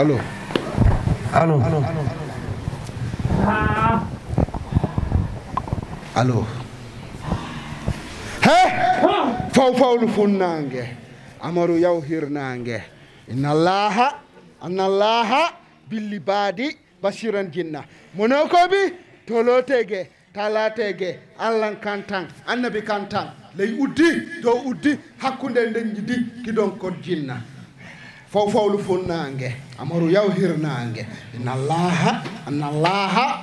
allo allo allo he faw fawlu funnaange amaru yawhirnaange inna allaha anna allaha billi baadi basiran jinna mono kobi tolotege talatege kantan annabi kantan ley uddi dow uddi hakkunde ndenji di kidon jinna fofowlu funnangue amaru yawhirnangue inallaha anallaha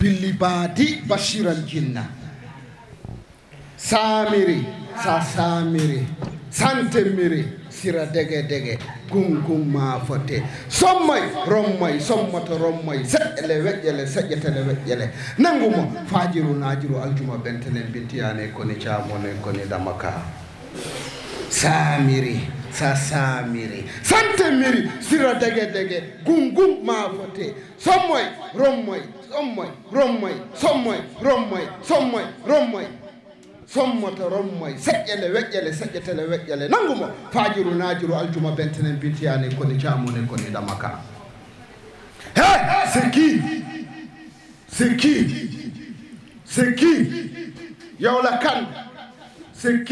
billibadi bashiral jinna saamiri sa saamiri santemiri sira dege dege gumgum ma fote sommoy rommoy sommata rommoy seƴƴele weƴƴele seƴƴetele weƴƴele nangumo fajiru najiru aljuma bentenen bintiyane koni camone koni damaka saamiri sa saamiri sante sira dege dege gungum ma fote sommoy rommoy sommoy rommoy sommoy rommoy sommoy rommoy sommata rommoy seƴƴele weƴƴele seƴƴetele weƴƴele nanngumo faajiru naajiru aljuma bentenen bintiyane koni jaamone koni ɗamaka he c'est qui c'est qui c'est qui yawla kan c'est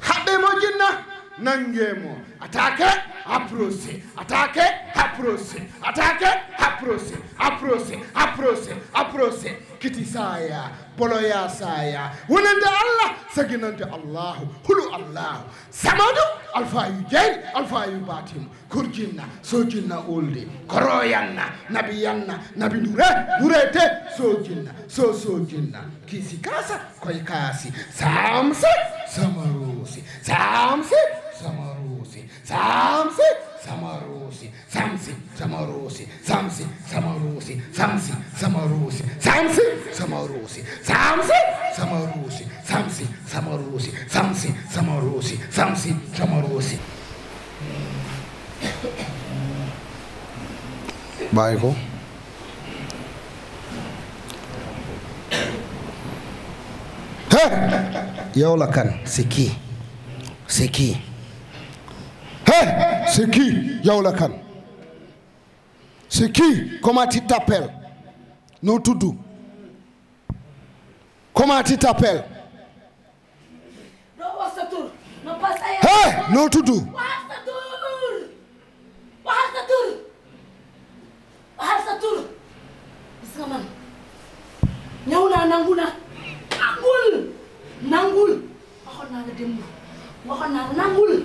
haɓɓe mo jinna nangemo atake aprose atake aprose atake aprose aprose aprose aprose kiti saya boloya allah saginande allahu hulu allahu samadu alfayu jeyri alfayu batimu kurjinna sojinna olde koroyanna nabi yanna nabi nure nurete sojinna kiisi kaasa koye kaasi samse samarosi samse samsi samarusi samsi samarusi samsi samarusi samsi samarusi samsi samarusi samsi samarusi samsi samarusi samsi samarusi samsi samarusi bàyyi ko yow la kan c'est qui c'est qui Hey, c'est qui yow la kan c'est qui comment tu t'appelles noo tudd comment tu t'appelles hey noo tudd ñëw naa nangu na nangul nangul waxoon naa la démb waxoon naa la nangul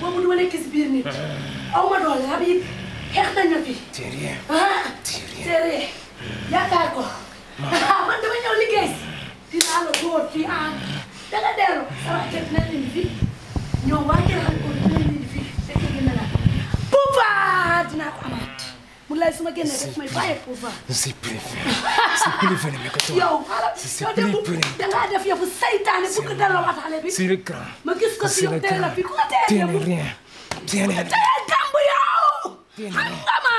boobu du ma nekk nit. aw ma doole ab yi xeex nañ ma fi. c'est rien c'est rien yaakaar ah, dama ñëw liggéey si. dinaa la góor fii ah danga dellu. sama kër dina indi fi ñoom waa kër xam ko dina indi fi fekk dina la. bu baax dinaa Boulaye su ma génnee rek may bàyyi pouvoir. c'est préféré c'est préféré mais que. yow waat xale bi. c'est le grand ma gis ko si yow teel a fi ku la teel a rien teel a rien damb yow. teel a rien xam nga ma.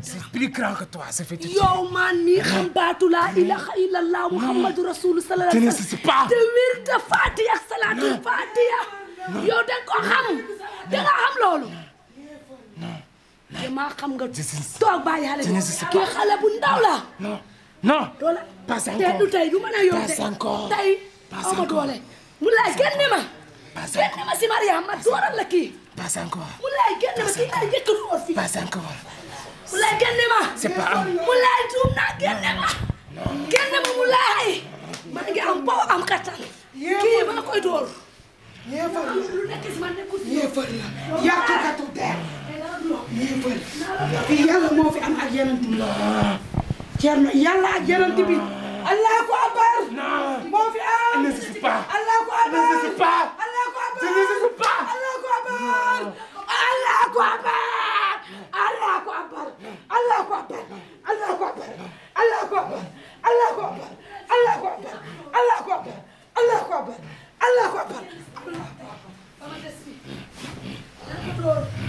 c'est plus grand que yow man mii xam laa ilaha illallah muhammadu rasulu sallallahu alayhi wa sallam. te wir te faatiya ak salaatul faatiya yow da nga xam loolu. vraiment xam nga toog bàyyi xale bi xale bu ndaw la. non non pas encore tey du tey du mën a yomb tey tey aw ma doole. mu lay génne ma. pas encore génne ma si Mariam ma dooral la kii. pas encore mu lay génne ma kii ay njëkk du woon fii. pas encore. mu lay génne ma. c'est pas am mu lay tuum naa génne ma. génne ma mu lay. maa ngi am boo am kattan. kii maa koy door. lu nekk si ma nekkul. yéefar la yàqkatu der. yéefar te yàlla moo fi am ak yenant bi Ceerno yàlla ak yenant bi allahu akbar moo fi am allahu akbar allahu akbar allahu akbar allahu akbar allahu akbar allahu akbar allahu akbar allahu akbar allahu akbar allahu akbar allahu akbar allahu akbar allahu akbar allahu akbar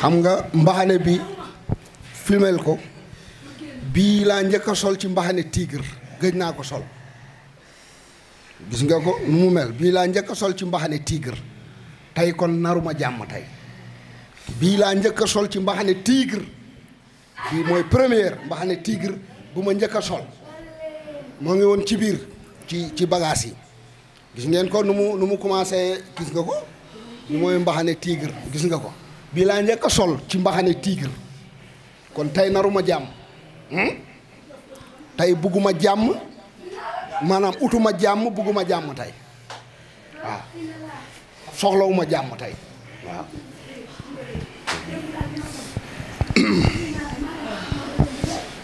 xam nga mbaxane bi fimel ko bii laa njëkk sol ci mbaxane tigre gëj naa ko sol gis nga ko nu mu mel bii laa njëkk a sol ci mbaxane tigre tey kon naruma jàmm tey bii laa njëkk a sol ci mbaxane tigre bii mooy première mbaxane tigre bu ma njëkk a sol moo ngi woon ci biir ci ci bagaas yi gis ngeen ko nu mu nu mu commencer gis nga ko ñu mooy mbaxane tigre gis nga ko bii laa njëkk a sol ci mbaxane tigre kon tey naruma jàmm hmm? tey bugguma jàmm maanaam utuma jàmm bugguma jàmm tey waaw soxlawuma jàmm tey waaw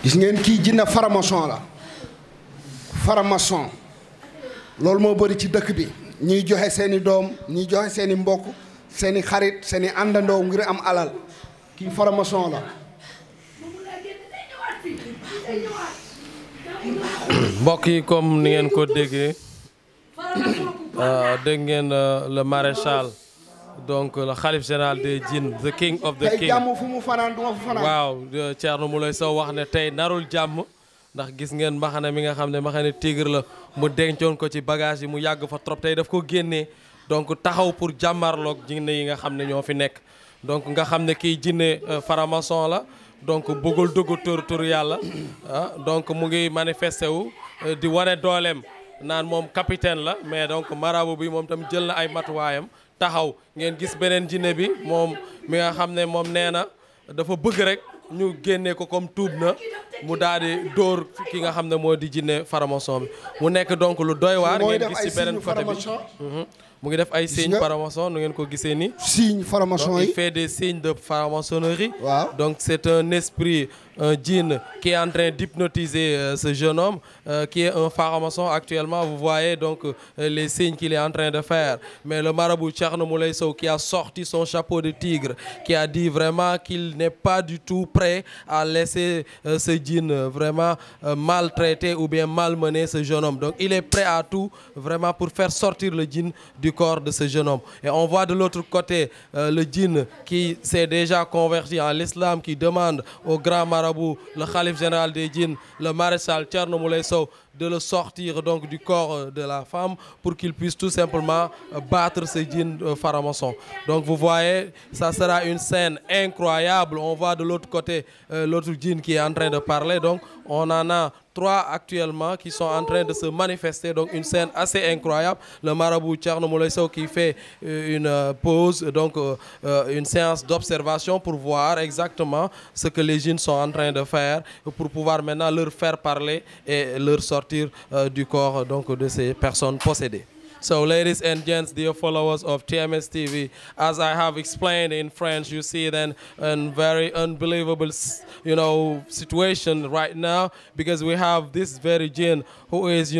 gis ngeen kii jinne farmason la farmason loolu moo bari ci dëkk bi ñuy joxe seeni doom ñuy joxe seeni mbokk seeni xarit seeni àndandoo ngir am alal kii formation la mbokk yi comme ni ngeen ko déggee euh, dégg ngeen euh, la maréchal donc la khalife général des djinns the king of the king tey jàmm fu mu fanaan du fu fanaan waaw euh, Thierno Moulé Sow wax ne tey narul jàmm ndax gis ngeen mbaxana mi nga xam ne mbaxana tigre la mu dencoon ko ci bagage yi mu yàgg fa trop tey daf ko génnee donc taxaw pour jàmmarloog jinne yi nga xam ne ñoo fi nekk donc nga xam ne kii jinne euh, faramaçon la donc bëggul dugg tur tur yàlla ah donc mu ngi manifesté wu euh, di wane dooleem naan moom capitaine la mais donc marabu bi moom tamit jël na ay matuwaayam taxaw ngeen gis beneen jinne bi moom mi nga xam ne moom nee na dafa bëgg rek ñu génne ko comme tuub na mu daal di dóor ki nga xam ne moo di jinne faramason bi mu nekk donc lu doy waar ngeen gis ci beneen côté bi mhm. mu ngi def ay signes faramason nu ngeen ko gisee ni signe faramason yi il fait des signes de franc-maçonnerie waaw donc c'est un esprit un djinn qui est en train d'hypnotiser euh, ce jeune homme euh, qui est un franc-maçon actuellement vous voyez donc euh, les signes qu'il est en train de faire mais le marabout Thierno Moulay Sow qui a sorti son chapeau de tigre qui a dit vraiment qu'il n'est pas du tout prêt à laisser ce djinn vraiment maltraiter ou bien malmener ce jeune homme donc il est prêt à tout vraiment pour faire sortir le djinn du corps de ce jeune homme et on voit de l'autre côté le djinn qui s'est déjà converti marabout, le Khalif général des djinns, le maréchal Thierno Moulay Sow, de le sortir donc du corps de la femme pour qu'il puisse tout simplement euh, battre ces djinns euh, francs-maçons. Donc vous voyez, ça sera une scène incroyable. On voit de l'autre côté euh, l'autre djinn qui est en train de parler. Donc on en trois actuellement qui sont en train de se manifester. Donc une scène assez incroyable. Le marabout Tcherno Molesso qui fait euh, une euh, pause, donc euh, une séance d'observation pour voir exactement ce que les jeunes sont en train de faire pour pouvoir maintenant leur faire parler et leur sortir du corps donc, de ces personnes possédées. So, ladies and gents, dear followers of TMS TV, as I have explained in French, you see then a very unbelievable, situation right now because we have this very jinn who is,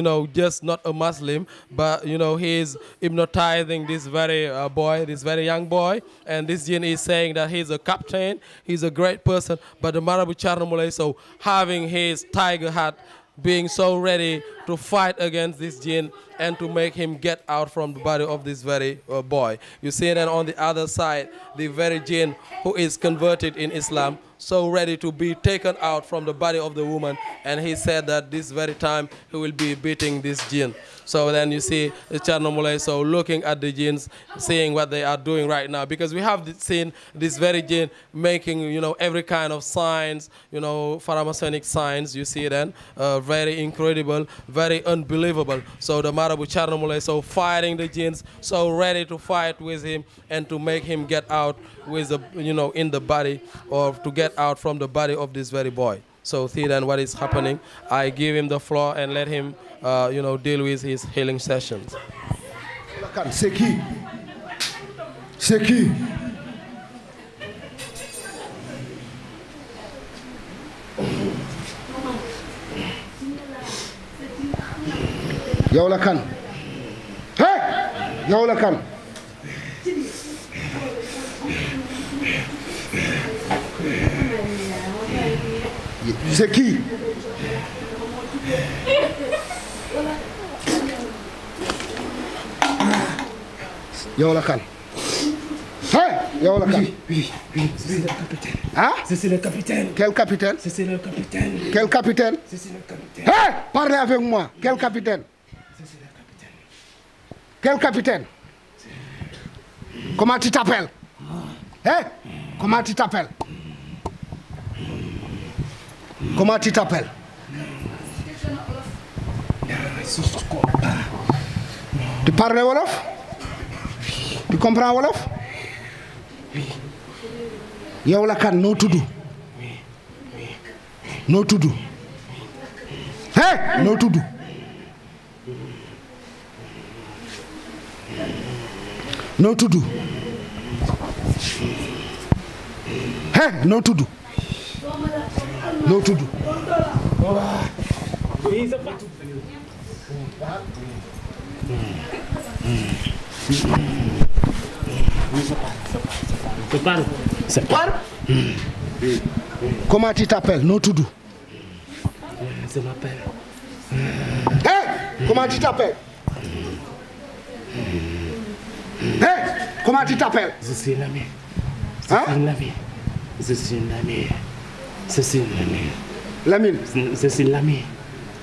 not a Muslim, but he is hypnotizing this uh, this very young boy, and this jinn is saying that he's a captain, he's a great person, but the Marabu Charnamulay, so having his tiger hat being so ready to fight against this jinn and to make him get out from the body of this very uh, boy. You see, and on the other side, the very jinn who is converted in Islam, so ready to be taken out from the body of the woman. And he said that this very time he will be beating this jinn. So then you see Cherno uh, Moulay Sow looking at the jinns, seeing what they are doing right now. Because we have seen this very jinn making, you know, every kind of signs, you know, pharmasonic signs, you see then, uh, very incredible, very unbelievable. So the matter Honorable Charno Moulay Sow fighting the jinns, so ready to fight with him and to make him get out with the, you know, in the body or to get out from the body of this very boy. So Thidan, what is happening? I give him the floor and let him, uh, you know, deal with his healing sessions. C'est qui? C'est qui? yow la kan hey yow la kan c'est qui yow la kan hey yow la kan oui oui c'est quel ah? capitaine quel capitaine c'est le avec moi quel capitaine Quel capitaine Comment tu t'appelles Hein Comment tu t'appelles tu t'appelles wolof Tu comprends wolof yow la kan noo tudd noo tudd hé noo tudd noo tudd he noo tudd noo tudd c'est par c'est par comment tu t'appelles noo tudd je m'appelle euh, comment tu t'appelles Comment tu t'appelles Je suis Lamine. Hein Je suis Lamine. Je suis Lamine. Lamine Je suis Lamine.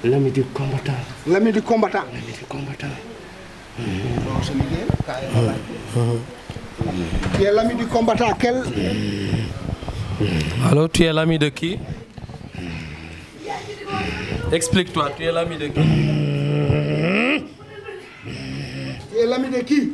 Lamine du combattant. Lamine du combattant. Lamine du combattant. Tu es l'ami du combattant l'ami de qui Explique-toi, tu es l'ami de qui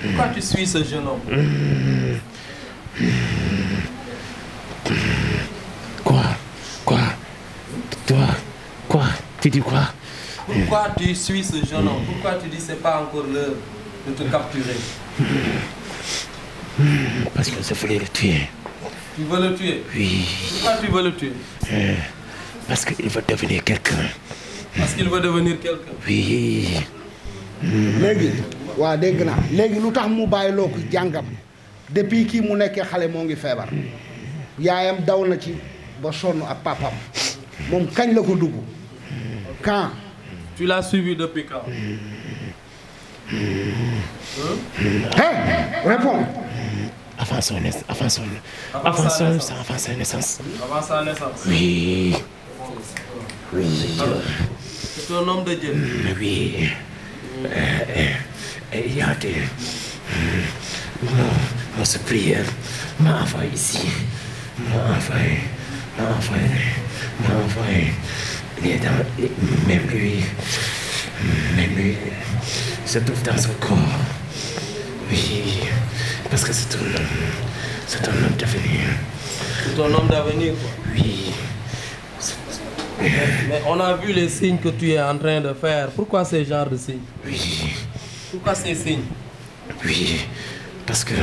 Pourquoi tu suis ce jeune homme Quoi Quoi Toi Quoi Tu dis quoi Pourquoi tu suis ce jeune homme Pourquoi tu dis c'est pas encore l'heure de te capturer Parce que je voulais le tuer. Tu veux le tuer Oui. Pourquoi tu veux le tuer euh, Parce qu'il veut devenir quelqu'un. Parce qu'il veut devenir quelqu'un Oui. Mmh. waa dégg naa léegi lu tax mu bàyyi loo ko jàngam depuis kii mu nekkee xale moo ngi feebar yaayam daw na ci ba sonn ak papam moom kañ la ko dugg quand. tu l'as suivi depuis quand. hein réponds. avant son naissance avant son avant sa naissance avant sa naissance. avant sa naissance. oui. oui. c'est un Hey, regardez. On, on se prie. M'envoie ici. M'envoie. M'envoie. M'envoie. Il est dans, même lui. Même lui se trouve dans son corps. Oui. Parce que c'est un homme. C'est un homme d'avenir. C'est un homme d'avenir, quoi. Oui. Mais, mais on a vu les signes que tu es en train de faire. Pourquoi ces genres de signes Oui. Tout par ces signes. Oui, parce que.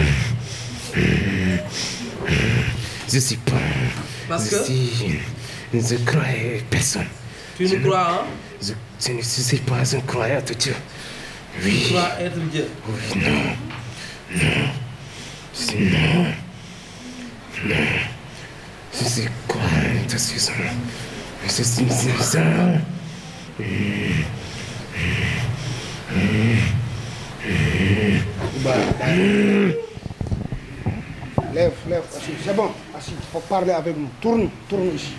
Je suis pas. Parce je que. Suis, je crois personne. Tu je ne crois, hein? Je, je ne suis pas un croyant de Dieu. Oui. Tu crois être Dieu? Oui, non. Non. C'est non. Non. Je suis quoi? Je suis un. Je suis un. Mmh. Mmh. Mmh. C'est bon, assis. parler avec nous. Tourne, ici.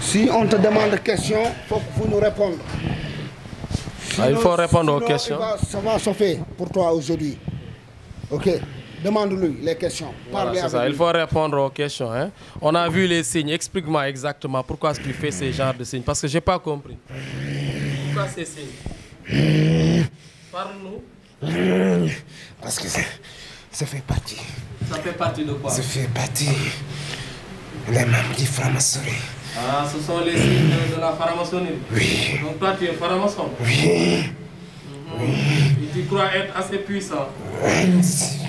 Si on te demande des questions, nous répondiez. Ah, il faut répondre aux questions. pour toi aujourd'hui. OK demande-lui les questions. Voilà, c'est ça. Il faut répondre aux questions. Hein. On a vu les signes. Explique-moi exactement pourquoi tu fais ce genre de signes. Parce que je n'ai pas compris. Pourquoi ces signes Parle-nous. Parce que ça, ça fait partie. Ça fait partie de quoi Ça fait partie des membres du franc-maçonnerie. Ah, ce sont les signes de, de la franc-maçonnerie Oui. Donc toi, tu es franc-maçon Oui. Mm -hmm. Oui. Et tu crois être assez puissant Oui.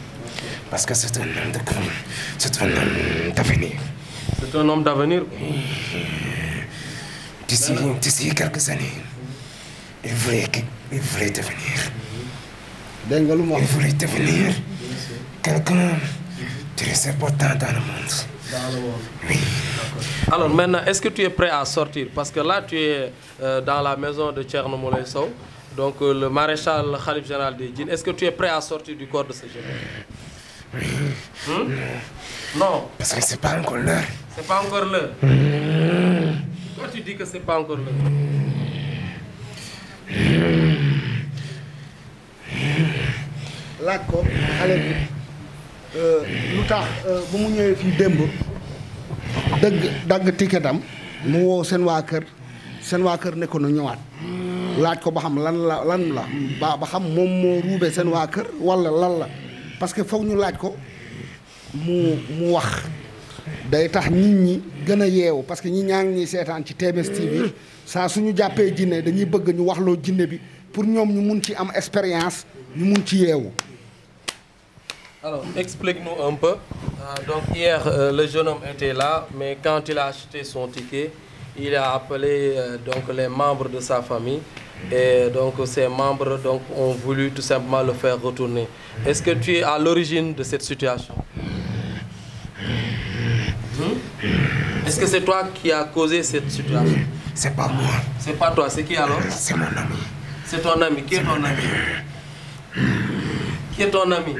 parce que c'est un homme de c'est un homme d'avenir. Euh, quelqu'un très important dans monde. dans le monde. est-ce que tu es prêt à sortir parce que là tu es euh, dans la maison de Thierno Moulay Sow donc euh, le maréchal le khalife général des djinns est-ce que tu es prêt à sortir du corps de ce jeune Hmm? non. parce que c'est pas laaj ko xale bi lu tax euh, bu mu ñëwee fi démb dëgg dagg tiketam mu woo seen waa kër seen waa kër nekkoon na ñëwaat laaj ko ba xam lan la lan la ba xam moom moo ruube seen waa kër walla lan la. parce que foog ñu laaj ko mu mu wax day tax nit ñi gën a yeewu parce que ñi ñaa ngi ñuy seetaan ci TMS bi saa suñu jàppee jinne dañuy bëgg ñu waxloo jinne bi pour ñoom ñu mun ci am expérience ñu mun ci yeewu alors explique-nous un euh, donc hier euh, le jeune homme était là mais quand il a acheté son ticket il a appelé euh, donc les membres de sa famille donc ces membres donc, ont voulu tout simplement le faire retourner. Est-ce que tu es à l'origine de cette situation hmm? Est-ce que c'est toi qui as causé cette situation C'est toi, qui alors C'est mon ami. C'est ton ami. Qui est, est ton ami? ami Qui est ton ami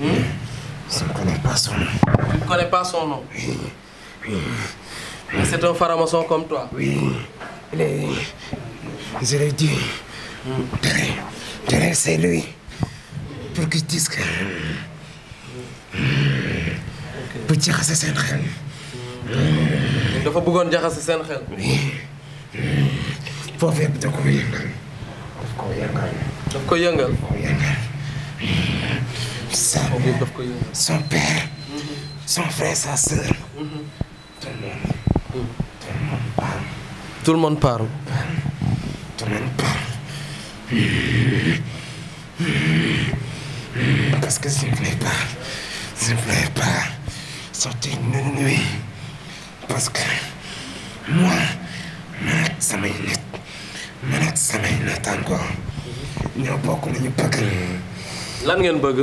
hmm? ne connais pas son nom. ne connais pas son nom C'est un franc-maçon comme toi. Oui, je l'ai dit. Tere, Tere, c'est lui. Pour que je dise que. bu seen xel. dafa bëggoon jaxase seen xel. foofu yëpp daf koy yëngal. daf koy yëngal. son père. Mhm. son frère sa sœur. Mhm. Tout le monde parle. Tout Parce que s'il vous plaît, parle. S'il vous plaît, Parce que moi, man samay nit man ak bokk lu bëgg. lan ngeen bëgg.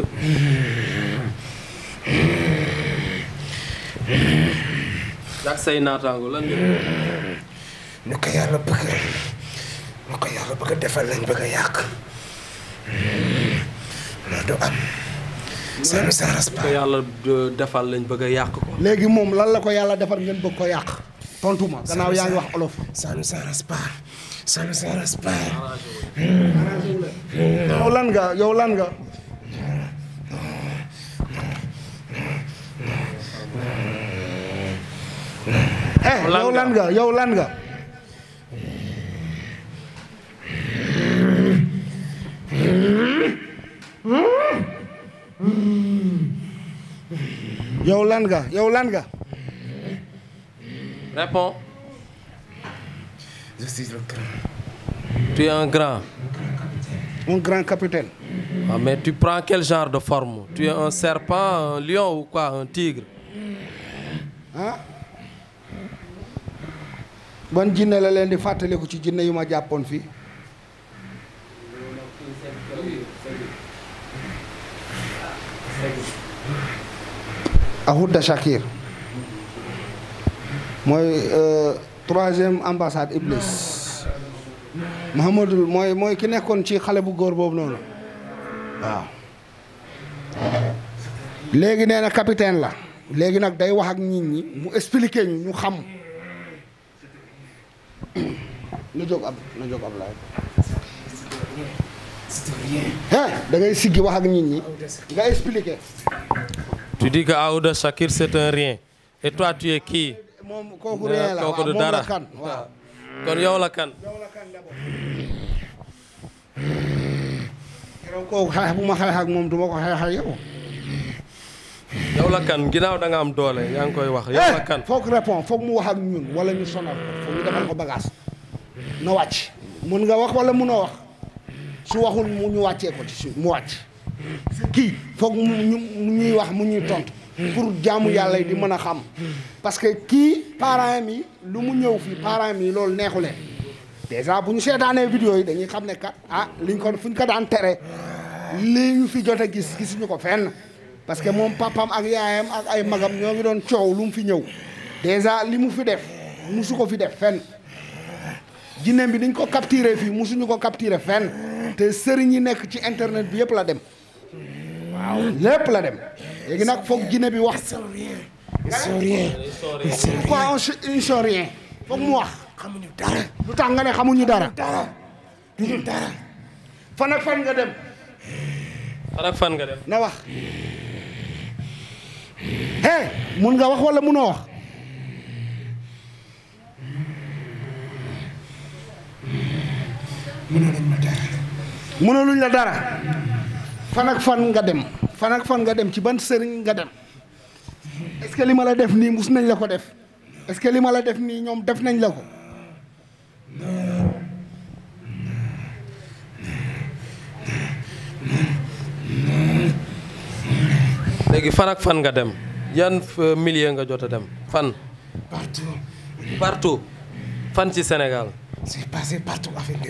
ak say naataango lan ngeen bëgg. nu ko yàlla bëgg nu defal lañ bëgg a yàq hmm. loolu du am. ça ko yàlla defal lañ bëgg yàq ko. léegi moom lan la ko yàlla defal ngeen bëgg ko yàq. tontu ma gannaaw yaa ngi wax olof. ça ne s'arrête yow lan nga yow lan nga. eh yow lan nga yow lan nga. yow lan nga yow lan ga réponds. je suis le grand. tu es un grand. un grand capitaine. Ah, mais tu prends quel genre de forme tu es un serpent un lion ou quoi un tigre. ah. ban jinne la leen di fàttaliku ci jinne yu ma jàppoon fii. ak Houda Shakir mooy euh, troisième ambassade Iblis Muhammadul mooy mooy ki nekkoon ci xale bu góor boobu noonu waaw léegi nee na capitaine la léegi nag day wax ak nit ñi mu expliquer ñu ñu xam nu jóg ab na jóg ab laay ah dangay ngay siggi wax ak nit ñi nga expliqué. tu dis que Aouda Sakir rien et toi tu moom kooku rien la kooku yow la kan. kooku xeex moom du ma ko xeex ak yow. yow la kan ginnaaw da nga am doole yaa ngi koy wax yow la eh, kan. foog répond foog mu wax ak ñun wala ñu sonal ko ñu defal ko bagage na wàcc. mun nga wax wala munoo wax. su waxul mu ñu wàccee ko ci su mu wàcc kii foog mu ñuy wax mu ñuy tontu pour jaamu yàlla yi mën a xam parce que kii parents am lu mu ñëw fii parents am loolu neexu leen déjà bu ñu seetaanee vidéo yi dañuy xam ne kat ah, liñ ko fu ko daan tere lii jot a gis gisuñu ko fenn parce que moom papam ak yaayam ak ay magam ñoo ngi doon coow lu mu fi ñëw déjà li mu fi def su ko fi def fenn jinne bi niñ ko capturé fii musuñu ko capturé fenn te sëriñ yi nekk ci internet bi yëpp la dem lépp la dem léegi nag foog jinne bi wax. ils sont rien ils sont rien foog mu wax. xamuñu dara. lu tax nga ne xamuñu dara. duñu dara. fan ak fan nga dem. fan nga dem. na wax. hey mun nga wax wala munoo wax. mënaluñ la dara fan ak fan nga dem fan ak fan nga dem ci ban sëriñ nga dem est que li ma la def nii mus nañ la ko def est-ce que li la def nii ñoom def nañ la ko léegi fan ak fan nga dem yan euh, millier nga jot a dem fan partout fan ci Sénégal c'est passé partout affaire bi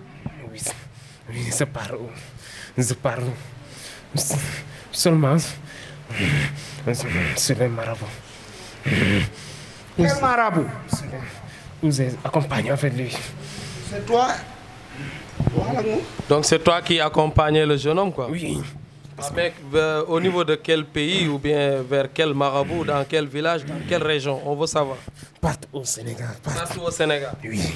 je parle je parle seulement sur les marabouts. Quel marabout? Vous accompagne avec lui. C'est toi. Donc c'est toi qui accompagnais le jeune homme quoi? Oui. Avec, euh, au niveau de quel pays ou bien vers quel marabout, dans quel village, dans quelle région? On veut savoir. Partout au Sénégal. Partout, partout au Sénégal. Oui.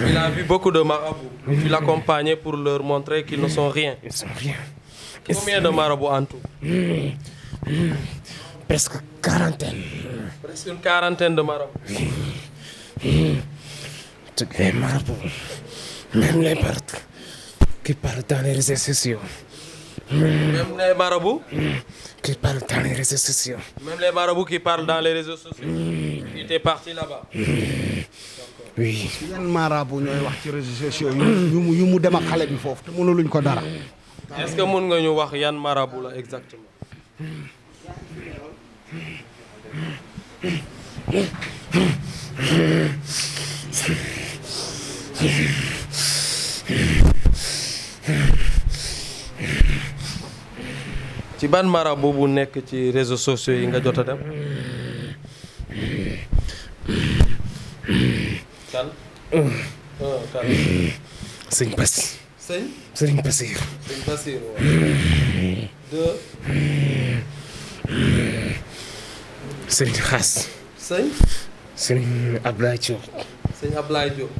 Il a vu beaucoup de marabouts. Il l'accompagnait pour leur montrer qu'ils ne sont rien. Ils sont rien. Combien de marabouts en tout? Hmm. Presque quarantaine. Presque de marabouts. Hmm. Tous les marabouts, qui parlent hmm. dans les réseaux sociaux. Même les marabouts qui parlent dans les réseaux sociaux. Il était parti là-bas. oui yan maaraabu ñooy wax ci réseaux sociaux yu mu yu mu dem ak xale bi foofu te mënuluñ ko dara. est-ce nga ñu wax yan maaraabu la exactement. ci ban mara bu nekk ci réseaux sociaux yi nga jot a dem. kan. kan. Ah, sëñ Bas. sëñ. sëñ Basir. sëñ Basir waaw. deux. sëñ Xaas. sëñ. sëñ Ablaye Diop. sëñ Ablaye Diop.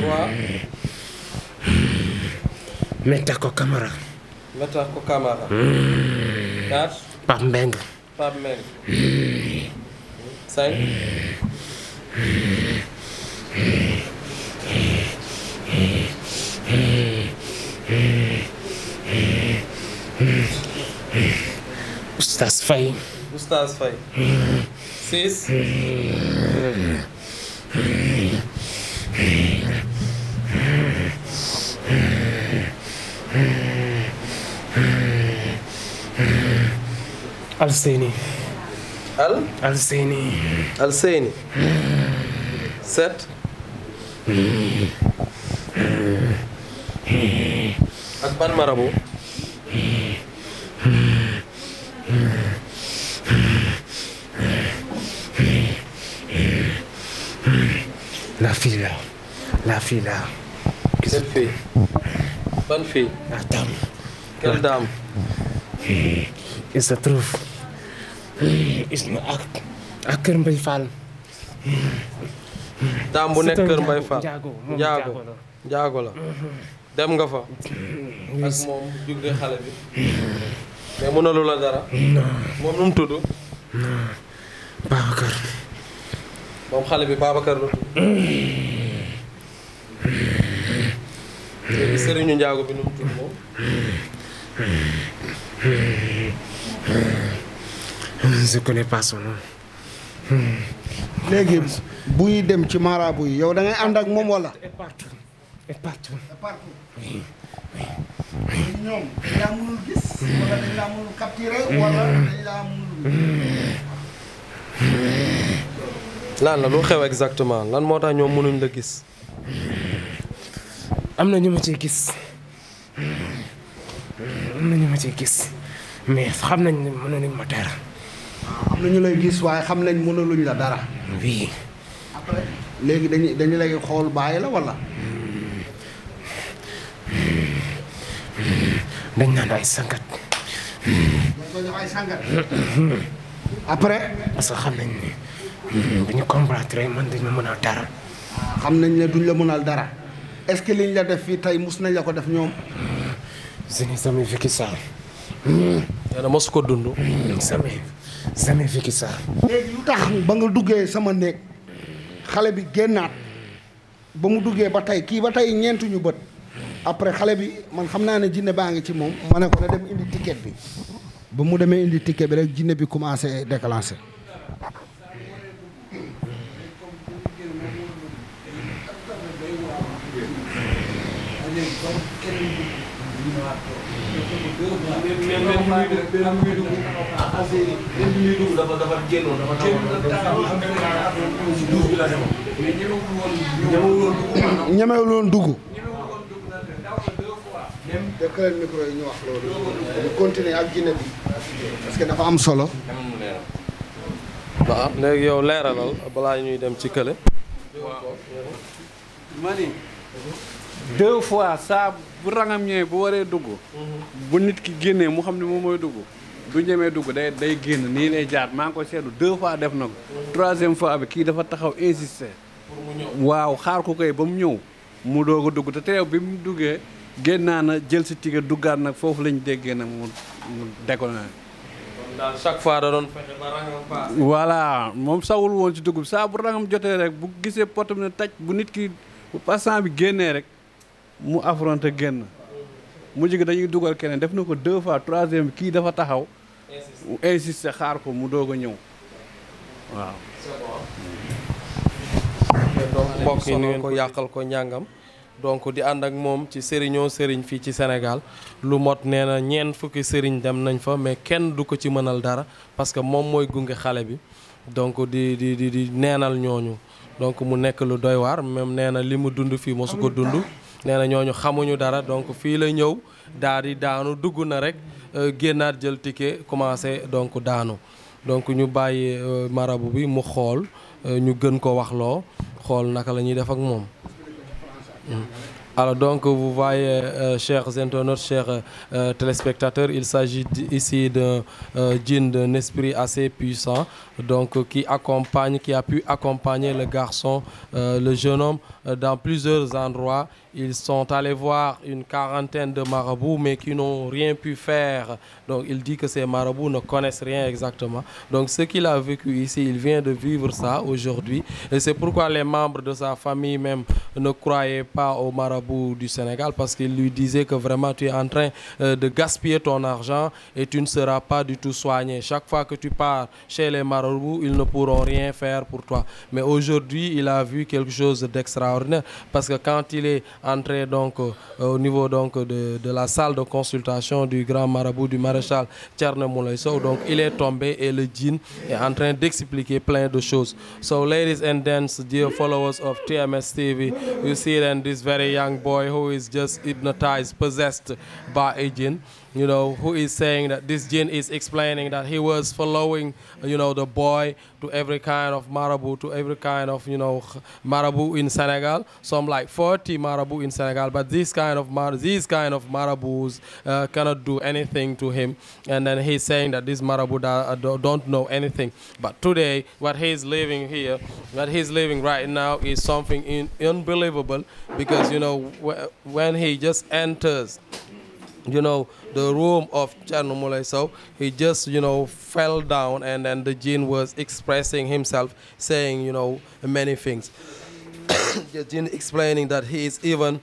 trois. Metako Camara. Metako Camara. quatre. Mm. Pape Mbengue. Pape Mbengue. cinq. Mm. Oustaz Faye. Oustaz Faye. siis. Alseyni. Al. Alseyni. Alseyni. sept. ak ban marabu. la fille là la ak ak Kër Mbaye Fall. daam bu nekk Kër Mbaye Fall njaago njaago la dem nga fa ak moom jugde xale bi mais mënalu la dara moom nu mu tudd Babacar moom xale bi Babacar la tudd sëriñu njaago bi nu tudd moom léegi buy dem ci marabu yi yow da ànd ak moom walla et partout et partout. la lu xew exactement lan moo tax ñoom mënuñ la gis. am na ñu ma ciy gis am na ñu ma ciy gis mais xam nañ ne ma teera. am na ñu lay gis waaye xam nañ mënaluñ la dara. oui. léegi dañuy dañu lay xool bàyyi la wala. dañ naan ay sangat. ay sangat. après. parce que xam nañ ne hmm, bu ñu combattre man duñ la mënal dara. xam nañ ne duñ la mënal dara. est-ce que liñ la def fii tey mus nañ la ko def ñoom. sëñ Samy Vicky Sarr. nee na mosu ko dund. Hmm, sëñ jamais vécu ça. léegi lu tax ba nga duggee sama néeg xale bi génnaat ba mu duggee ba tey kii ba tey ñeentuñu ñu bët après xale bi man xam naa ne jinne baa ngi ci moom. ma ne ko na dem indi ticket bi ba mu demee indi ticket bi rek jinne bi commencé déclenché. dugg dafa dafa génnoon dafa dafa micro yi ñu wax loolu continuer ak jinne bi parce dafa am solo waaw léegi yow leeralal balaa ñuy dem ci kële deux fois saa bu rangam ñëwee bu waree dugg mhm. bu nit ki génnee mu xam ne moom mooy dugg du ñemee dugg day day génn nii lay jaar maa ngi ko seetlu deux fois def na ko mhm. troisième fois kii dafa taxaw insister waaw xaar ko koy ba mu ñëw mu doog a dugg te teew bi mu duggee génnaa na jël si ticket duggaat nag foofu lañu déggee nag mu mu déggoo fois da doon moom sawul woon si dugub saa bu rangam jotee rek bu gisee potam na taj bu nit ki passant bi génnee rek. mu affronté génn mu gi dañuy dugal keneen def na ko deux fois troisième kii dafa taxaw. insisté xaar ko mu doog a ñëw waaw. donc ko yàqal ko njàngam. donc di ànd ak moom ci sëriñoo sëriñ fii ci senegal lu mot nee na ñeent fukki sëriñ dem nañ fa mais kenn du ko ci mënal dara parce que moom mooy gunge xale bi donc di di di neenal ñooñu donc mu nekk lu doy waar même nee na li mu dund fii mosu ko dund. nee na ñooñu xamuñu dara donc fii la ñëw daal di daanu dugg na rek euh, génnaat jël ticket commencé donc daanu donc ñu bàyyi euh, marabu bi mu xool euh, ñu gën ko wax loo xool naka la ñuy def ak moom. Hmm. Alors donc vous voyez, euh, chers internautes, chers euh, téléspectateurs, il s'agit ici d'un euh, djinn, d'un esprit assez puissant. donc euh, qui accompagne, qui a pu accompagner le garçon, euh, le jeune homme, euh, dans plusieurs endroits. Ils sont allés voir une quarantaine de marabouts, mais qui n'ont rien pu faire. il dit que ces marabouts ne connaissent rien exactement. Donc ce qu'il a vécu ici, il vient de vivre ça aujourd'hui. Et c'est pourquoi les membres de sa famille même ne croyaient pas aux marabouts du Sénégal, parce qu'ils que vraiment tu es en euh, de gaspiller ton argent et tu ne seras pas du tout soigné. Chaque fois que tu pars chez les marabout, ils ne pourront rien faire pour toi. Mais aujourd'hui, il a vu quelque chose d'extraordinaire parce que quand il est entré donc euh, au niveau donc de, de la salle de consultation du grand marabout du maréchal Thierno Moulay donc il est tombé et le djinn est en train d'expliquer plein de choses. So ladies and gents, dear followers of TMS TV, you see then this very young boy who is just possessed by a you know, who is saying that this jinn is explaining that he was following, you know, the boy to every kind of marabu, to every kind of, you know, marabu in Senegal. Some like 40 marabu in Senegal, but this kind of mar these kind of marabus uh, cannot do anything to him. And then he's saying that this marabu da, uh, don't know anything. But today, what he's living here, what he's living right now is something in, unbelievable because, you know, when he just enters, you know, the room of Cherno Moulay Sow, he just, you know, fell down and then the jinn was expressing himself, saying, you know, many things. the jinn explaining that he is even,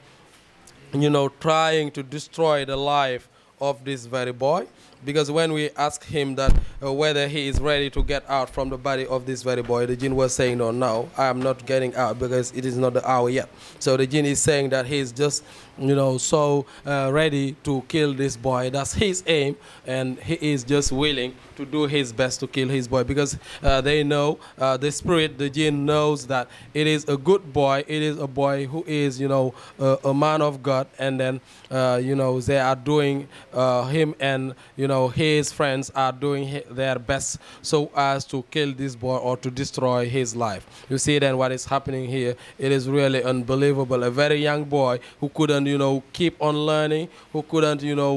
you know, trying to destroy the life of this very boy because when we asked him that uh, whether he is ready to get out from the body of this very boy, the jinn was saying, no, no, I am not getting out because it is not the hour yet. So the jinn is saying that he is just, you know, so uh, ready to kill this boy. That's his aim, and he is just willing to do his best to kill his boy because uh, they know uh, the spirit, the jinn knows that it is a good boy. It is a boy who is, you know, uh, a man of God, and then, uh, you know, they are doing him and, you know, know his friends are doing their best so as to kill this boy or to destroy his life you see then what is happening here it is really unbelievable a very young boy who couldn't you know keep on learning who couldn't you know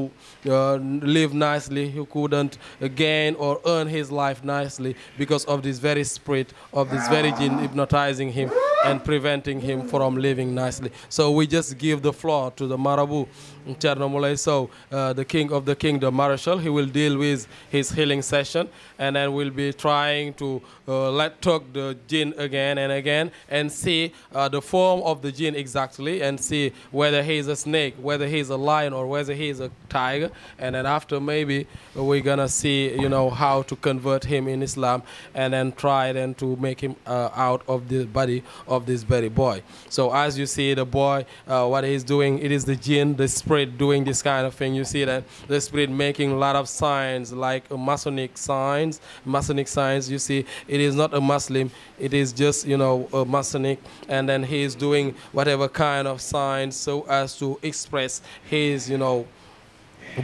uh, live nicely, who couldn't gain or earn his life nicely because of this very spirit, of this very jinn hypnotizing him and preventing him from living nicely. So we just give the floor to the Marabu Thierno Moulay Sow, uh, the king of the kingdom, Marshal. He will deal with his healing session and then we'll be trying to uh, let talk the jinn again and again and see uh, the form of the jinn exactly and see whether he is a snake, whether he is a lion or whether he is a tiger and then after maybe we're gonna see you know how to convert him in Islam and then try then to make him uh, out of the body of this very boy so as you see the boy uh, what he's doing it is the jinn the spirit doing this kind of thing you see that the spirit making a lot of signs like Masonic signs Masonic signs you see it is not a Muslim it is just you know a Masonic and then he is doing whatever kind of signs so as to express his you know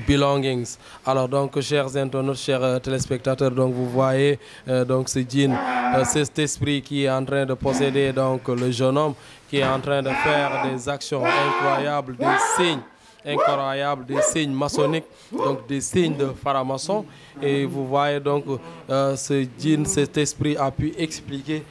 belongings alors donc chers internautes chers euh, téléspectateurs donc vous voyez euh, donc ce jean euh, cet esprit qui est en train de posséder donc le jeune homme qui est en train de faire des actions incroyables des signes incroyables des signes maçonniques donc des signes de franc-maçon et vous voyez donc euh, ce jean cet esprit a pu expliquer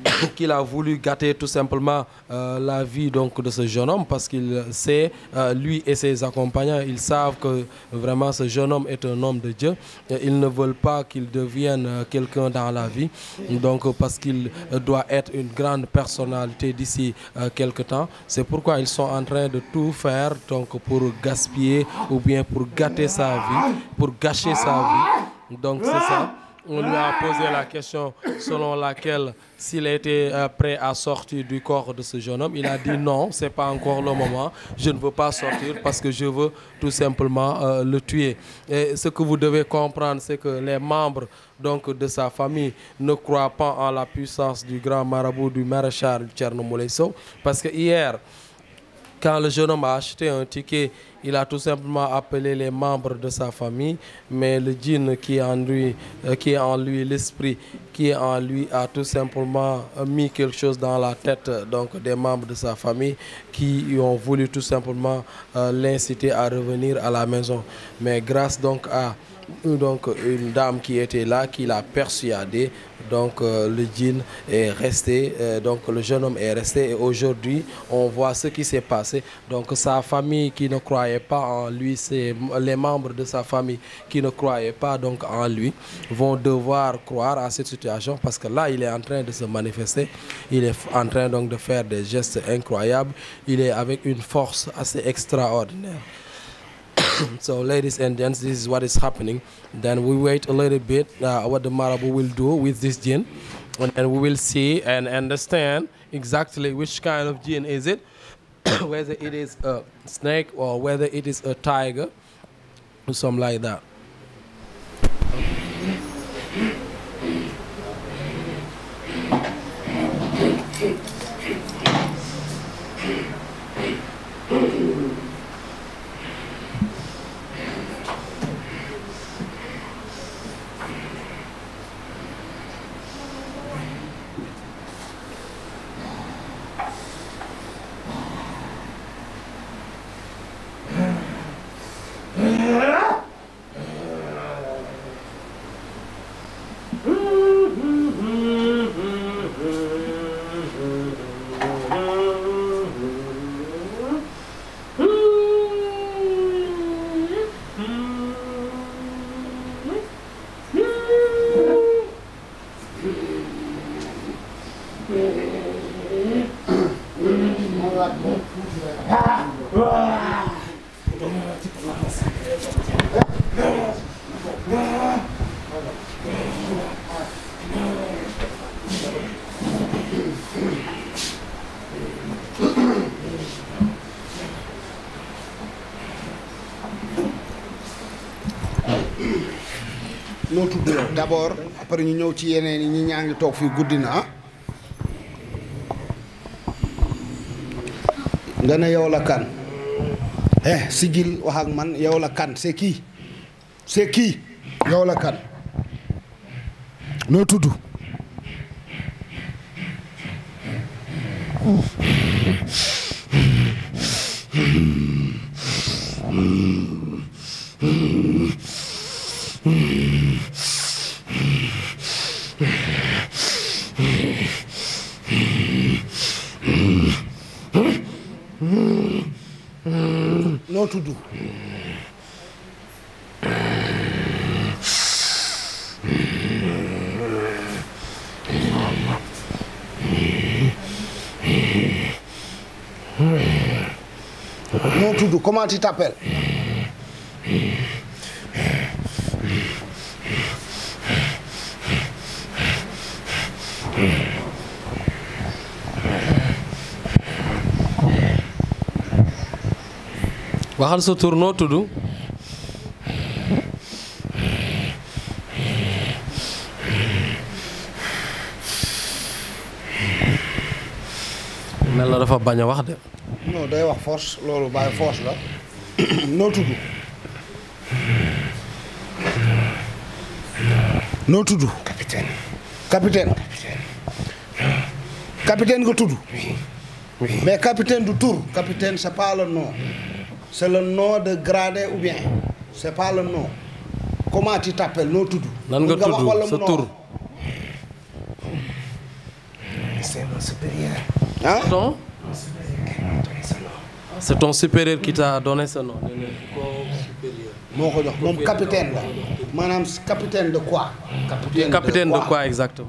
qu'il a voulu gâter tout simplement euh, la vie donc de ce jeune homme parce qu'il sait, euh, lui et ses accompagnants, ils savent que vraiment ce jeune homme est un homme de Dieu. Et ils ne veulent pas qu'il devienne euh, quelqu'un dans la vie, donc parce qu'il euh, doit être une grande personnalité d'ici euh, quelque temps. C'est pourquoi ils sont en train de tout faire donc pour gaspiller ou bien pour gâter sa vie, pour gâcher sa vie. Donc c'est ça. on lui a posé la question selon laquelle s'il était euh, prêt à sortir du corps de ce jeune homme il a dit non c'est pas encore le moment je ne veux pas sortir parce que je veux tout simplement euh, le tuer et ce que vous devez comprendre c'est que les membres donc de sa famille ne croient pas en la puissance du grand marabout du maréchal Thierno Moulé Sow parce que hier quand le jeune homme a acheté un ticket Il a tout simplement appelé les membres de sa famille, mais le djinn qui est en lui, euh, qui est en lui l'esprit qui est en lui a tout simplement euh, mis quelque chose dans la tête donc des membres de sa famille qui ont voulu tout simplement euh, l'inciter à revenir à la maison. Mais grâce donc à Euh, donc une dame qui était là qui l'a persuadé donc euh, le djinn est resté euh, donc le jeune homme est resté et aujourd'hui on voit ce qui s'est passé donc sa famille qui ne croyait pas en lui les membres de sa famille qui ne croyaient pas donc en lui vont devoir croire à cette situation parce que là il est en train de se manifester il est en train donc de faire des gestes incroyables il est avec une force assez extraordinaire so ladies and gents this is what is happening then we wait a little bit uh, what the marabu will do with this gin and, we will see and understand kind of gin is it whether it is a snake or whether it is a tiger or like that noo tudd yow d' abord après ñu ñëw ci yeneen yi ñi ñaa ngi toog fii guddi na ah. nga ne yow la kan eh sigil wax ak man yow la kan c' kii c' est kii yow la kan noo tudd. tudd. moo tudd comment tu t'appelles. waxal sa tur noo tudd. mel na dafa bañ a wax de. non day wax force loolu bàyyi force la. noo tudd. noo tudd. capitaine. capitaine. capitaine nga tudd. mais capitaine du tur. capitaine sa pas le c'est le nom de gradé ou bien c'est pas le nom comment tu t'appelles noo tudd. lan nga tudd sa tur c'est mon supérieur. ah ton. c'est ton supérieur qui t'a donné nom. moo ko jox moom capitaine la maanaam capitaine de quoi. capitaine de quoi exactement.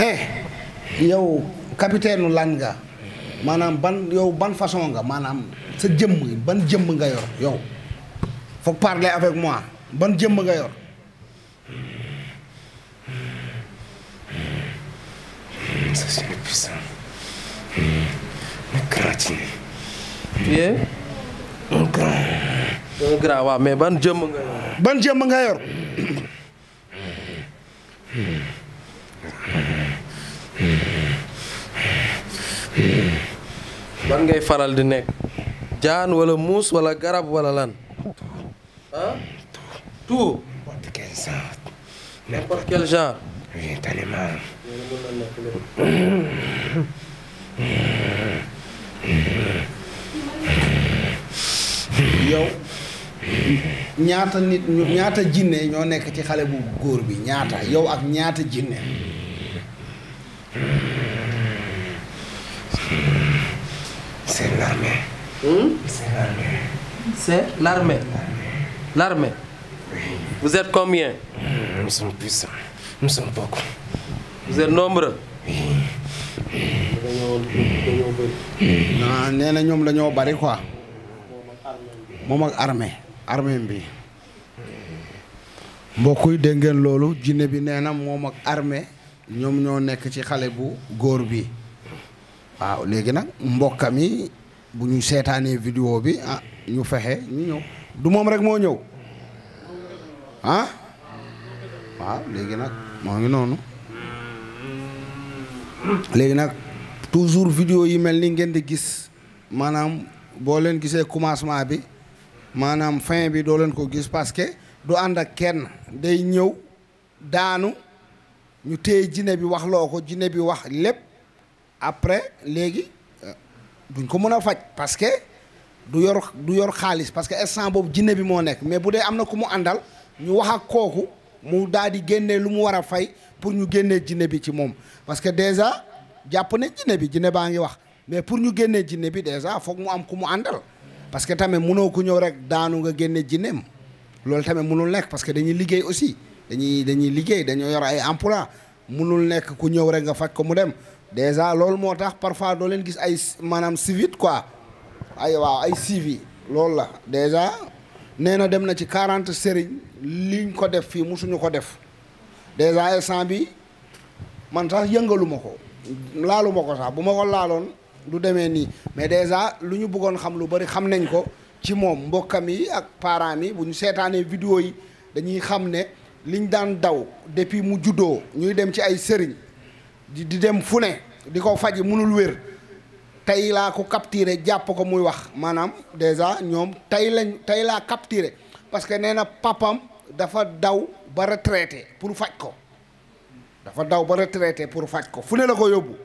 he yow capitaine lan nga maanaam ban yow ban façon nga maanaam sa jëmm ban jëmm nga yor yow faut parler avec moi ban jëmm nga yor ban jëmm nga ban jëmm nga yor ban ngay faral di nekk jaan walla muus wala garab wala lan ah tout n'importe quel genre yow ñaata nit ñaata jinne ñoo nekk ci xale bu góor bi ñaata yow ak ñaata jinne Mm. C'est l'armée. Hum? C'est l'armée. C'est mm, mm. ñoom dañoo bari quoi moom ak armée armée bi mbokk yi dégg loolu jinne bi nee na moom ak armée ñoom ñoo nekk ci xale bu góor bi waaw léegi nag mbokkam yi bu ñu seetaanee vidéo bi ah ñu fexe ñu ñëw du moom rek moo ñëw ah waaw léegi nag moo ngi noonu léegi nag toujours vidéo yi mel ni ngeen di gis maanaam boo leen gisee commencement bi maanaam fin bi doo leen ko gis parce que du ànd ak kenn day ñëw daanu ñu téye jinne bi wax loo ko jinne bi wax lépp après léegi euh, duñ ko mën a faj parce que du yor du yor xaalis parce que instant boobu jinne bi moo nekk mais bu dee am na ku mu àndal ñu wax ak kooku mu daal di génnee lu mu war a fay pour ñu génnee jinne bi ci moom parce que déjà jàpp ne jinne bi jinne baa ngi wax mais pour ñu génnee jinne bi déjà foog mu am ku mu àndal parce que tamit mënoo ku ñëw rek daanu nga génne jinneem loolu tamit mënul nekk parce que dañuy liggéey aussi dañuy dañuy liggéey dañoo yor ay emploi munul nekk ku ñëw rek nga faj ko mu dem déjà lool moo tax parfois doo leen gis ay maanaam civil quoi ay waaw ay civil loolu la déjà nee na dem na ci quarante sëriñ liñ ko def fii musuñu ko def déjà instant bi man sax yëngalu ko laalu ko sax bu ma ko laaloon du demee nii mais déjà lu ñu buggoon xam lu bari xam nañ ko ci moom mbokkam yi ak parent mi bu ñu seetaanee vidéo yi dañuy xam ne liñ daan daw depuis mu juddoo ñuy dem ci ay sëriñ di di dem fu ne di ko faji mënul wér tey laa ko capturé jàpp ko muy wax maanaam déjà ñoom tey lañ tey laa capturé parce que nee na papam dafa daw ba retraité pour faj ko dafa daw ba retraité pour faj ko fu ne la ko yóbbu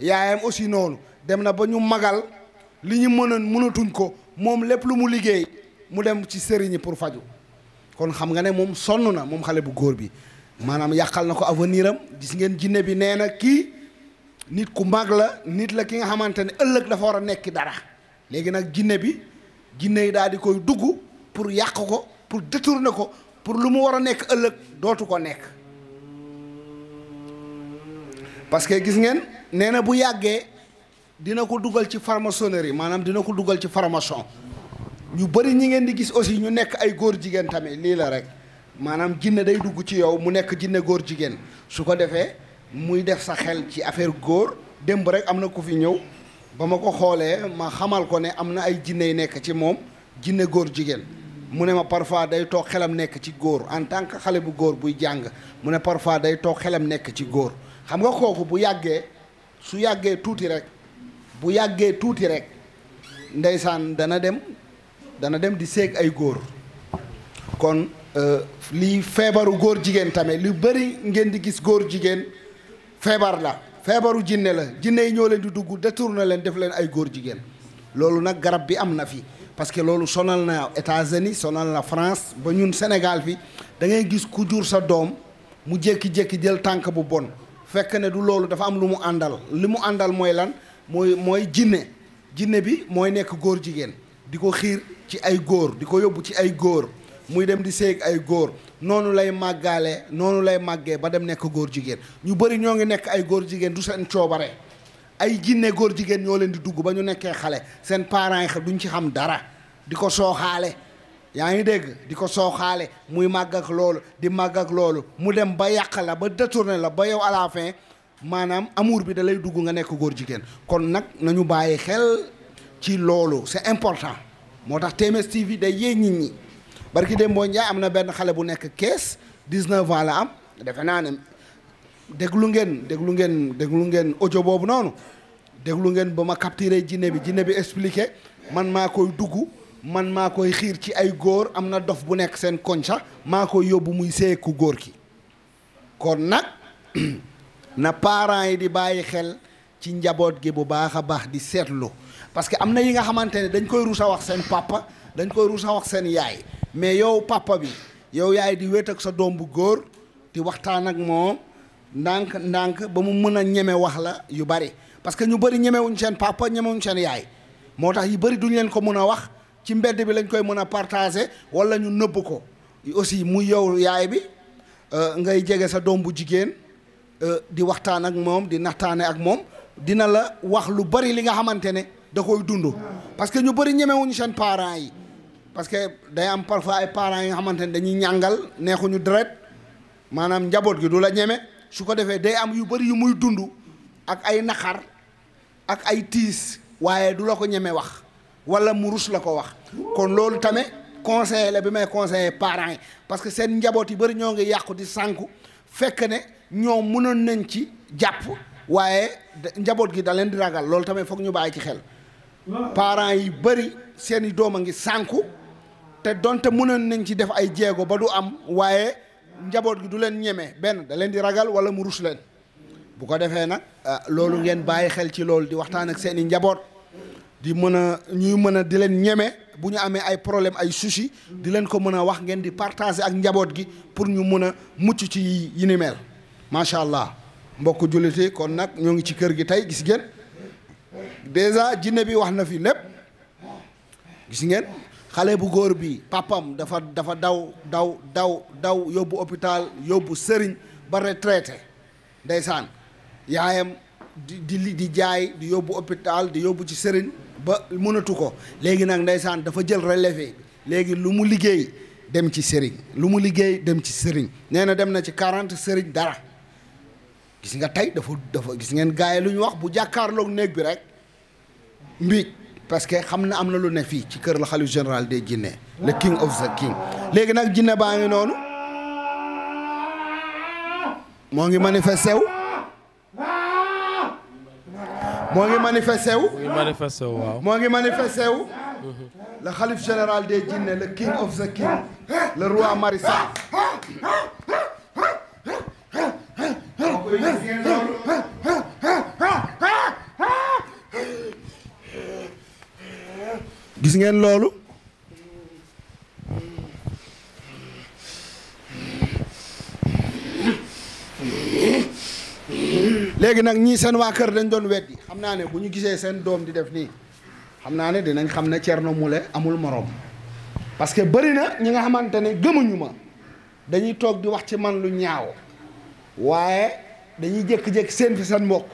yaayam aussi noonu dem na ba ñu magal li ñu mënoon mënatuñ ko moom lépp lu mu liggéey mu dem ci sëriñi pour faju kon xam nga ne moom sonn na moom xale bu góor bi maanaam yàqal na ko avenir gis ngeen jinne bi nee na kii nit ku mag la nit la ki nga xamante ne ëllëg dafa war a nekk dara léegi nag jinne bi jinne yi daal di koy dugg pour yàq ko pour ne ko pour lu mu war a nekk ëllëg dootu ko nekk parce que gis ngeen nee na bu yàggee dina ko dugal ci franc-maçonnerie maanaam dina ko dugal ci franc ñu bëri ñi ngeen di gis aussi ñu nekk ay góor jigéen tamit lii la rek maanaam jinne day dugg ci yow mu nekk jinne góor jigéen su ko defee muy def sa xel ci affaire góor demb rek am na ku fi ñëw ba ma ko xoolee ma xamal ko ne am na ay jinney nekk ci moom jinne góor jigéen mu ne ma parfois day toog xelam nekk ci góor en tant que xale bu góor buy jàng mu ne parfois day toog xelam nekk ci góor xam nga kooku bu yàggee su yàggee tuuti rek bu yàggee tuuti rek ndeysaan dana dem dana dem di seeg ay góor kon euh, li feebaru góor jigéen tamit lu bëri ngeen di gis góor jigéen feebar la feebaru jinne la jinne yi ñoo leen di dugg na leen def leen ay góor jigéen loolu nag garab bi am na fi parce que loolu sonal na États-Unis sonal na France ba ñun Sénégal fi da ngay gis ku jur sa doom mu jékki-jékki jël tànk bu bon fekk ne du loolu dafa am lu mu àndal li mu àndal mooy lan mooy mooy jinne jinne bi mooy nekk góor jigéen di ko xiir ci ay góor di ko yóbbu ci ay góor muy dem di séeg ay góor noonu lay màggaale noonu lay màggee ba dem nekk góor jigéen ñu bëri ñoo ngi nekk ay góor jigéen du seen coobare ay jinne góor jigéen ñoo leen di dugg ba ñu nekkee xale seen parents yi duñ ci xam dara di ko sooxaale yaa ngi dégg di ko sooxaale muy màgg ak loolu di màgg ak loolu mu dem ba yàq la ba détourné la ba yow à maanaam amur bi da lay dugg nga nekk góor jigéen kon nag nañu bàyyi xel ci loolu c'est important moo tax TMS TV day yee nit ñi barki dem boo Ndiaye am na benn xale bu nekk kees 19 ans la am defe naa ne déglu ngeen déglu ngeen déglu ngeen audio boobu noonu déglu ngeen ba ma capturé jinne bi jinne bi expliqué man maa koy dugg man maa koy xiir ci ay góor am na dof bu nekk seen koñ sax maa koy yóbbu muy seeku góor ki kon nag na parents yi di bàyyi xel ci njaboot gi bu baax a baax di seetlu parce que am na yi nga xamante ne dañ koy ruus a wax seen papa dañ koy ruus a wax seen yaay mais yow papa bi yow yaay di wéet sa doom bu góor di waxtaan ak moom ndànk ndànk ba mu mën a ñeme wax la yu bari parce que ñu bëri ñemewuñ seen papa ñemewuñ seen moo tax yu bëri duñ leen ko mën a wax ci mbedd bi lañ koy mën a partager wala ñu nëbb ko aussi muy yow yaay bi euh, ngay jege sa doom bu jigéen euh, di waxtaan ak moom di naxtaane ak moom dina la wax lu bari li nga xamante ne da koy dund parce que ñu bëri ñemewuñu seen parents yi parce que day am parfois ay parents yi nga xamante ne dañuy ñàngal neexuñu deret maanaam njaboot gi du la ñeme su ko defee day am yu bëri yu muy dund ak ay naqar ak ay tiis waaye du la ko ñeme wax wala murus la ko wax kon loolu tamit conseil la bi may conseiller parents yi parce que seen njaboot yi bëri ñoo ngi yàqu di sànku fekk ne ñoom a nañ ci jàpp waaye njaboot gi da di ragal loolu tamit foog ñu bàyyi ci xel parents yi bëri seen i doom a ngi sànku te donte a nañ ci def ay jéego ba du am waaye njaboot gi du leen ñeme benn da leen di ragal wala mu rus leen bu ko defee nag ah, loolu ngeen bàyyi xel ci loolu di waxtaan ak seen i njaboot di mën a ñuy mën a di leen ñeme bu ñu amee ay problème ay souci di leen ko mën a wax ngeen di partager ak njaboot gi pour ñu mën a mucc ci yi mel macha allah mbokk julliti kon nag ñoo ngi ci kër gi tey gis ngeen. déjà jinne bi wax na fi népp gis ngeen xale bu góor bi papam dafa dafa daw daw daw daw yóbbu hôpital yóbbu sëriñ ba retraité ndeysaan yaayam di di di jaay di yóbbu hôpital di yóbbu ci sëriñ ba mënatu ko léegi nag ndeysaan dafa jël relevé léegi lu mu liggéey dem ci sëriñ lu mu liggéey dem ci sëriñ nee na dem na ci quarante sëriñ dara gis nga tey dafa dafa gis ngeen gaay lu ñu wax bu jàkkaarloog néeg bi rek mbiic parce que xam na am na lu ne fii ci kër la xalif général des jinne le king of the king léegi nag jinne baa ngi noonu moo ngi manifesté wu moo ngi manifesté wu moo ngi manifesté wu le xalif général des jinne le koy gisee loolu. gis ngeen loolu. léegi nag ñii seen waa kër dañ doon weddi xam naa ne bu ñu gisee seen doom di def nii xam naa ne dinañ xam ne Thierno mule amul moroom parce que bëri na ñi nga xamante ne gëmuñu ma dañuy toog di wax ci man lu ñaaw waaye dañuy jékki-jékki seen fi seen mbokk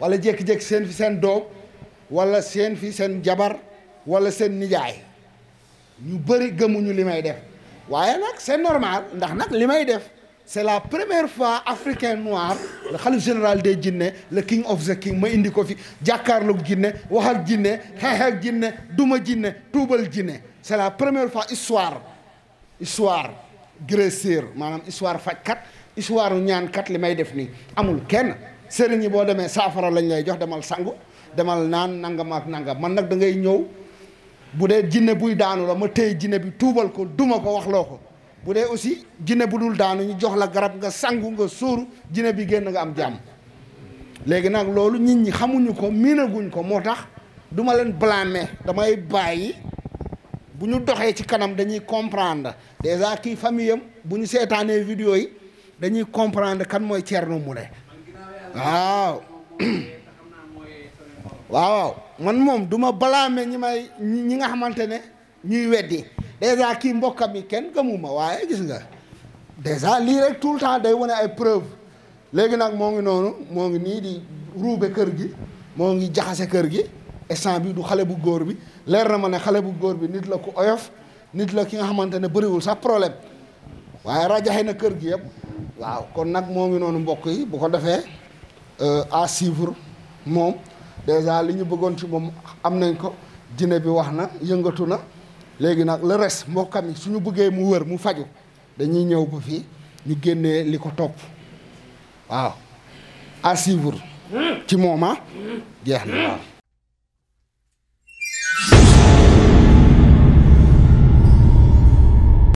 wala jékki-jékki seen fi seen doog wala seen fi seen jabar wala seen nijaay ñu bëri gëmuñu li may def waaye nag c'est normal ndax nag li may def c'est la première fois africain noir le xalif général des jinne la king of the king ma indi ko fi jàkkaarloog jinne wax ak jinne xeex ak jinne duma jinne tuubal jinne c'est la première fois histoire histoire gresseur maanaam histoire fajkat histoire ñaan kat li may def nii amul kenn sëriñ yi boo demee saafara lañ lay jox demal sangu demal naan nangam nangam man nag dangay ñëw bu dee jinne buy daanu la ma téye jinne bi tuubal ko duma ko wax loo ko bu dee aussi jinne bu dul daanu ñu jox la garab nga sangu nga suuru jinne bi génn nga am jàmm léegi nag loolu nit ñi xamuñu ko miinaguñ ko moo tax duma leen blâmer damay bàyyi bu ñu doxee ci kanam dañuy comprendre déjà kii famille bu ñu seetaanee vidéo yi dañuy comprendre kan mooy Thierno Moule waaw waaw man moom duma ma balaame ñi may ñi nga xamante ne ñuy weddi dèjà kii mbokkam yi kenn gëmuma waaye gis nga dèjà lii rek tout le temps day wane ay preuve léegi nag moo ngi noonu moo ngi nii di ruube kër gi moo ngi jaxase kër gi instant bi du xale bu góor bi leer na ma ne xale bu góor bi nit la ku oyof nit la ki nga xamante ne bëriwul sax problème waaye rajaxe na kër gi yëpp waaw kon nag moo ngi noonu mbokk yi bu ko defee euh, à suivre moom déjà li ñu bëggoon ci moom am nañ ko dina bi wax na yëngatu na léegi nag le reste mbokkam yi suñu bëggee mu wër mu faju dañuy ñëw ba fii ñu génnee li ko topp waaw à suivre hmm. ci mooma ah? hmm. jeex na waaw